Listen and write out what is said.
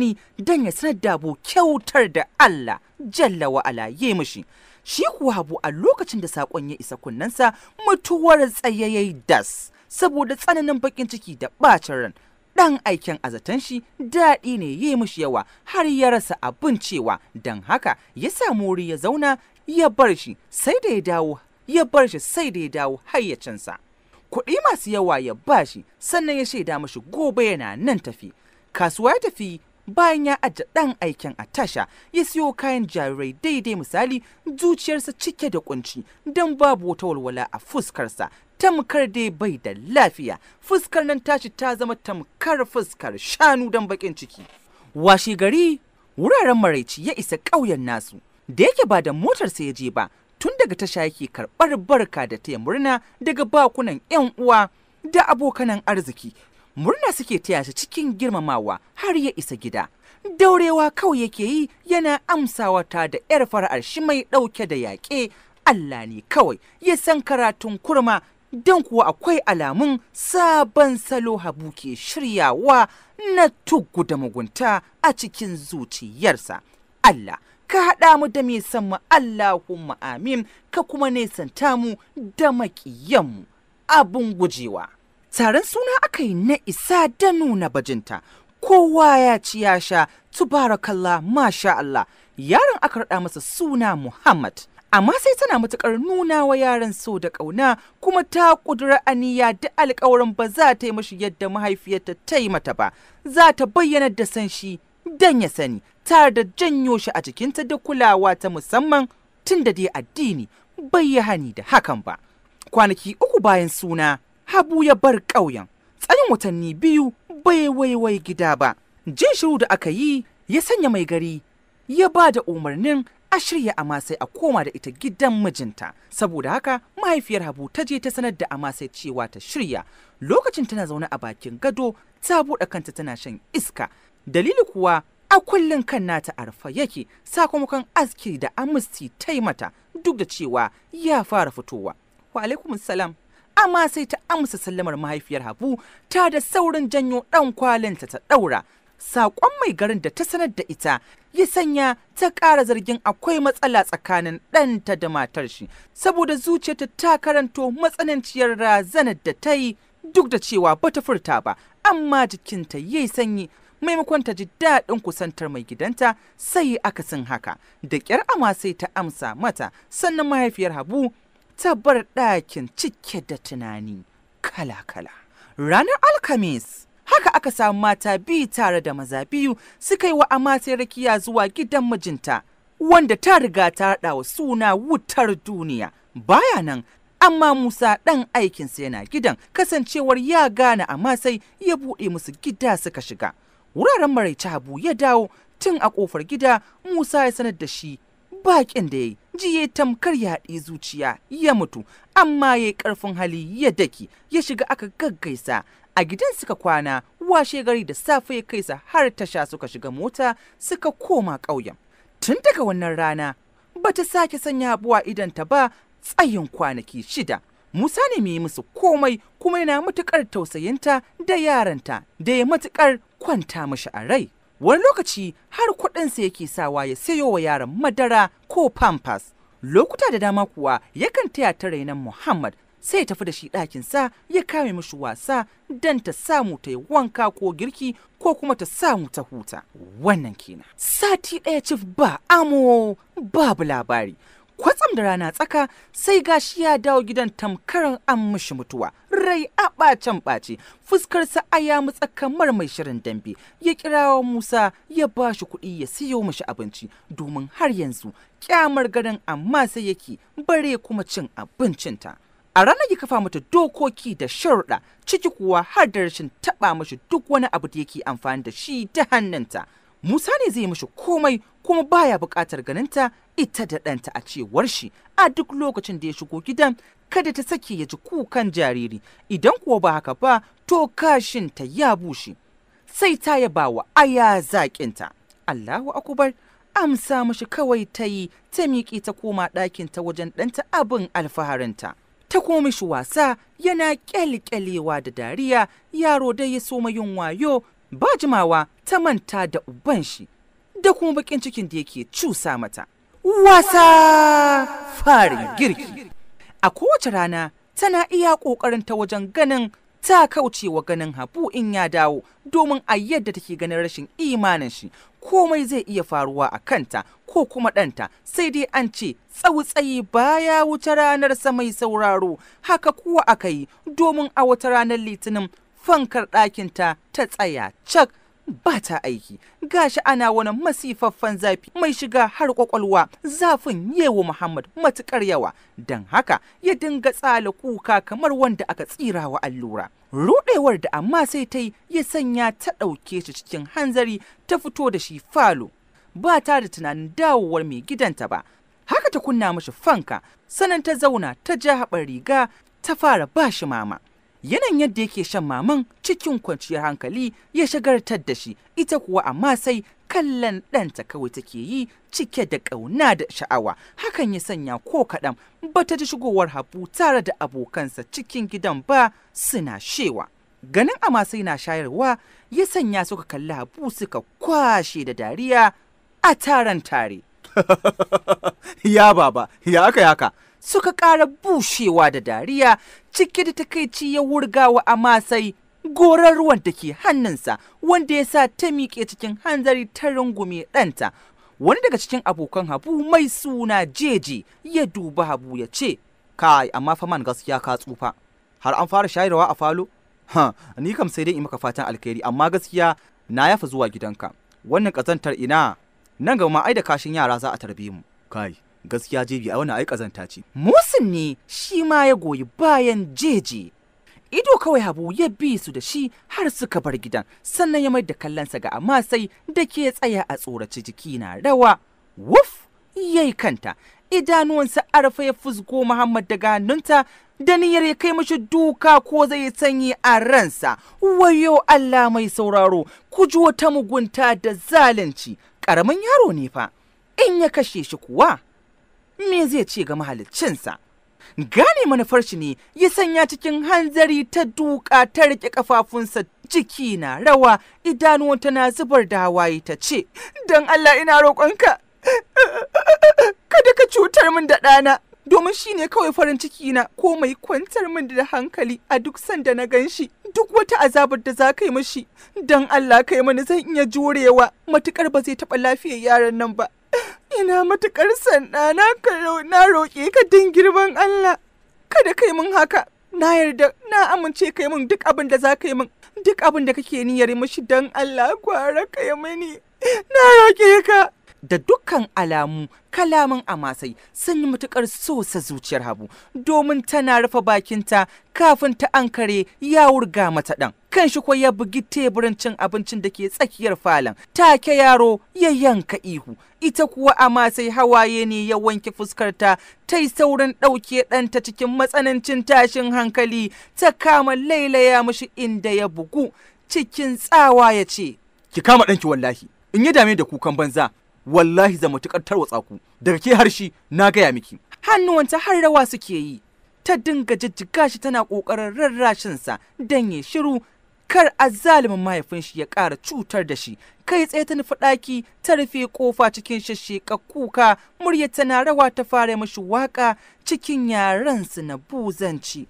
ni don ya sanar da abu kyautar da Allah jalla wa'ala ya mishi. Shi kuwa abu a lokacin da saƙon ya isa kunnensa mutuwar tsayayyai das saboda tsananin baƙin ciki da ɓacin ran. Ɗan aiken azatan shi daɗi ne ya mishi yawa har ya rasa abin cewa don haka ya samu wuri ya zauna ya bar shi sai da ya dawo ya bar shi sai da ya dawo hayyacinsa. Kuɗi masu yawa ya ba shi sannan ya shaida mashi gobe yana nan tafi. Kasuwa ya tafi bayan ya aje dan aikin a tasha ya siyo kayan jarirai daidai misali zuciyarsa cike da kunci don babu wata walwala a fuskarsa tamkar dai bai da lafiya fuskar nan tashi ta zama tamkar fuskar shanu don bakin ciki washe gari wuraren maraici ya isa ƙauyen nasu da yake ba da motarsa ya je ba tun daga tasha yake karɓar barka da taya murna daga bakunan 'yan uwa da abokanan arziki murna suke taya shi cikin girmamawa har ya isa gida daurewa kawai yake yi yana amsawa ta da yar fara'ar shi mai ɗauke da yaƙe Allah ne kawai ya san karatun kurma don kuwa akwai alamun sabon salo habu ke shiryawa na tugu da mugunta a cikin zuciyarsa Allah ka haɗa mu da mai mu, Allahumma amin ka kuma nesanta mu da maƙiyanmu abun gujewa. Taron suna aka yi na isa da nuna bajinta, kowa ya ci ya sha, tubarakallah, masha Allah, yaron aka raɗa masa suna Muhammad. amma sai tana matuƙar nuna wa yaran so da ƙauna kuma ta ƙudura aniya da alƙawarin ba za ta yi mashi yadda mahaifiyarta ta yi mata ba za ta bayyana da san shi dan ya sani tare da janyo shi a jikinta da kulawa ta musamman tun da dai addini bai yi hani da hakan ba kwanaki uku bayan suna Habu ya bar ƙauyen. Tsayin watanni biyu bai waiwai gida ba. Jin shiru da aka yi ya sanya mai gari ya ba da umarnin a shirya amasai a koma da ita gidan mijinta. Saboda haka mahaifiyar Habu ta je ta sanar da amasai cewa ta shirya. Lokacin tana zaune a bakin gado ta buɗe kanta tana shan iska. Dalili kuwa a kullum kan nata a rufe yake sakamakon aski da amnesty ta mata duk da cewa ya fara fitowa. Wa alaikum salam. amma sai ta amsa sallamar mahaifiyar habu ta da saurin janyo ɗan kwalinta ta ɗaura saƙon mai garin da ta sanar da ita ya sanya ta ƙara zargin akwai matsala tsakanin ɗanta da matar shi saboda zuciyarta ta karanto matsananciyar razanar da ta yi duk da cewa bata furta ba amma jikinta ya yi sanyi maimakon ta ji daɗin kusantar mai gidanta sai aka sin haka da ƙyar ama sai ta amsa mata sannan mahaifiyar habu ta ɗakin cike da tunani kala-kala. Ranar Alkamis, haka aka samu mata biyu tare da maza biyu suka yi wa amatai rakiya zuwa gidan mijinta, wanda ta riga ta haɗa wa suna wutar duniya. Baya nan, amma Musa ɗan aikinsa yana gidan kasancewar ya gane sai ya buɗe musu gida suka shiga. Wuraren maraice Habu ya dawo tun a ƙofar gida Musa ya sanar da shi baƙin da ya yi ji ya tamkar yaɗi zuciya ya mutu amma ya yi ƙarfin hali ya daki ya shiga aka gaggaisa a gidan suka kwana washe gari da safe ya kaisa har tasha suka shiga mota suka koma ƙauyen tun daga wannan rana bata sake sanya abuwa idanta ba tsayin kwanaki shida Musa ne mai musu komai kuma yana matuƙar tausayinta da yaranta da ya matuƙar kwanta mashi a rai. wani lokaci har kuɗinsa yake sawa ya sayo wa yaran madara ko pampas lokuta da dama kuwa yakan taya ta rainan muhammad sai tafi da shi ɗakinsa ya kame mishi wasa don ta samu ta yi wanka ko girki ko kuma ta samu ta huta wannan kenan sati ɗaya cif ba amo babu labari kwatsam da rana tsaka sai gashi ya dawo gidan tamkarin an mishi mutuwa rai a ɓacen ɓace fuskar a ya mutsa kamar mai shirin dambe ya kirawo musa ya ba shi kuɗi ya siyo mishi abinci domin har yanzu kyamar garin amma sai yake bare kuma cin abincinta a ranar ya kafa mata dokoki da sharuɗa ciki kuwa har da rashin taɓa mashi duk wani abu da yake amfani da shi ta hannunta Musa ne zai mishi komai kuma baya buƙatar ganinta ita da ɗanta a cewar shi a duk lokacin da ya shigo gidan kada ta sake ya ji kukan jariri idan kuwa ba haka ba to kashinta ya bushe sai ta yaba wa aya zaƙinta. Allahu akubar amsa mashi kawai ta yi ta miƙe ta koma ɗakinta wajen ɗanta abin alfaharinta. Ta komi shi wasa yana ƙyalƙyalewa da dariya yaro dai ya soma yin wayo ba jimawa ta manta da uban shi da kuma bakin cikin da yake cusa mata. Wasa farin girki. A kowace rana tana iya ƙoƙarin ta wajen ganin ta kaucewa ganin habu in ya dawo domin a yadda take ganin rashin imanin shi komai zai iya faruwa a kanta ko kuma ɗanta sai dai an ce tsautsayi baya wuce ranar sa mai sauraro haka kuwa aka yi domin a wata ranar litinin fankar ɗakinta ta tsaya cak ba ta aiki gashi ana wani masifaffen zafi mai shiga har kwakwalwa zafin yewa muhammad matukar yawa don haka ya dinga tsala kuka kamar wanda aka tsira wa allura Ruɗewar da amma sai ta yi ya sanya ta ɗauke shi cikin hanzari ta fito da shi falo ba ta da tunanin dawowar mai gidanta ba haka ta kunna mashi fanka sanan ta zauna ta ja haɓar riga ta fara ba shi mama yanayin yadda yake shan maman cikin kwanciyar hankali ya shagartar da shi ita kuwa amma sai kallon ɗanta kawai take yi cike da ƙauna da sha'awa hakan ya sanya ko kaɗan bata ji shigowar habu tare da abokansa cikin gidan ba suna shewa ganin sai na shayarwa ya sanya suka kalli habu suka kwashe da dariya a taron tare ya baba ya aka yaka suka ƙara bushewa da dariya cike da takaici ya wurgawa a masai gorar ruwan da ke hannunsa wanda ya sa ta miƙe cikin hanzari ta rungume ɗanta wani daga cikin abokan habu mai suna jeje ya duba habu ya ce kai amma fa man gaskiya ka tsufa har an fara shayarwa a falo ha ni kam sai dai in maka fatan alkhairi amma gaskiya na yafa zuwa gidanka wannan kazantar ina nan gaba ma ai da kashin yara za a tarbe mu kai gaskiya jebi a wani ai kazanta ce Musin ne shi ma ya goyi bayan jeje ido kawai habu ya bi su da shi har suka bar gidan sannan ya mai da kallonsa ga amasai da ke tsaya a tsoraci jiki na rawa wuf yayi kanta idanuwansa arfa ya fusgo muhammad daga hannunta da niyyar ya kai mashi duka ko zai yi sanyi a ransa wayo allah mai sauraro ku ji wata mugunta da zalunci ƙaramin yaro ne fa in ya kashe shi kuwa me zai ce ga mahaliccinsa gane manufar shi ne ya sanya cikin hanzari ta duka ta rike kafafunsa ciki na rawa idanuwan tana zubar da hawaye ta ce don Allah ina roƙonka kada ka cutar min da ɗana domin shi ne kawai farin ciki na ko mai kwantar min da hankali a duk sanda na gan shi duk wata azabar da za ka yi mashi don Allah kai mani zan iya jurewa matukar ba zai taɓa lafiyar yaran nan ba Ina matuƙar sanda, na roƙe ka din girman Allah. Kada kai mun haka, na yarda na amince kai mun duk abin da za ka yi mun duk abin da kake niyyar mashi don Allah gwara kai mani, Na roƙe ka. da dukkan alamu kalaman amasai sun yi matukar sosa zuciyar habu domin tana rufe bakinta kafin ta ankare ya wurga mata ɗan. kan shi ya bugi teburin cin abincin da ke tsakiyar falon take yaro ya yanka ihu ita kuwa amasai hawaye ne ya wanke fuskarta ta yi saurin ɗauke ɗanta cikin matsanancin tashin hankali ta kama lailaya mashi inda ya bugu cikin tsawa ya ce ki kama ɗanki wallahi in ya dame da kukan banza wallahi za matuƙar tarwatsa ku daga ke harshi na gaya miki hannuwanta har rawa suke yi ta dinga jijjiga shi tana ƙoƙarin rarrashinsa don ya shiru kar azzalumin mahaifin shi ya ƙara cutar da shi kai tsaye ta nufi ɗaki ta rufe ƙofa cikin shashshekar kuka murya tana rawa ta fara mashi waƙa cikin yarensu na buzanci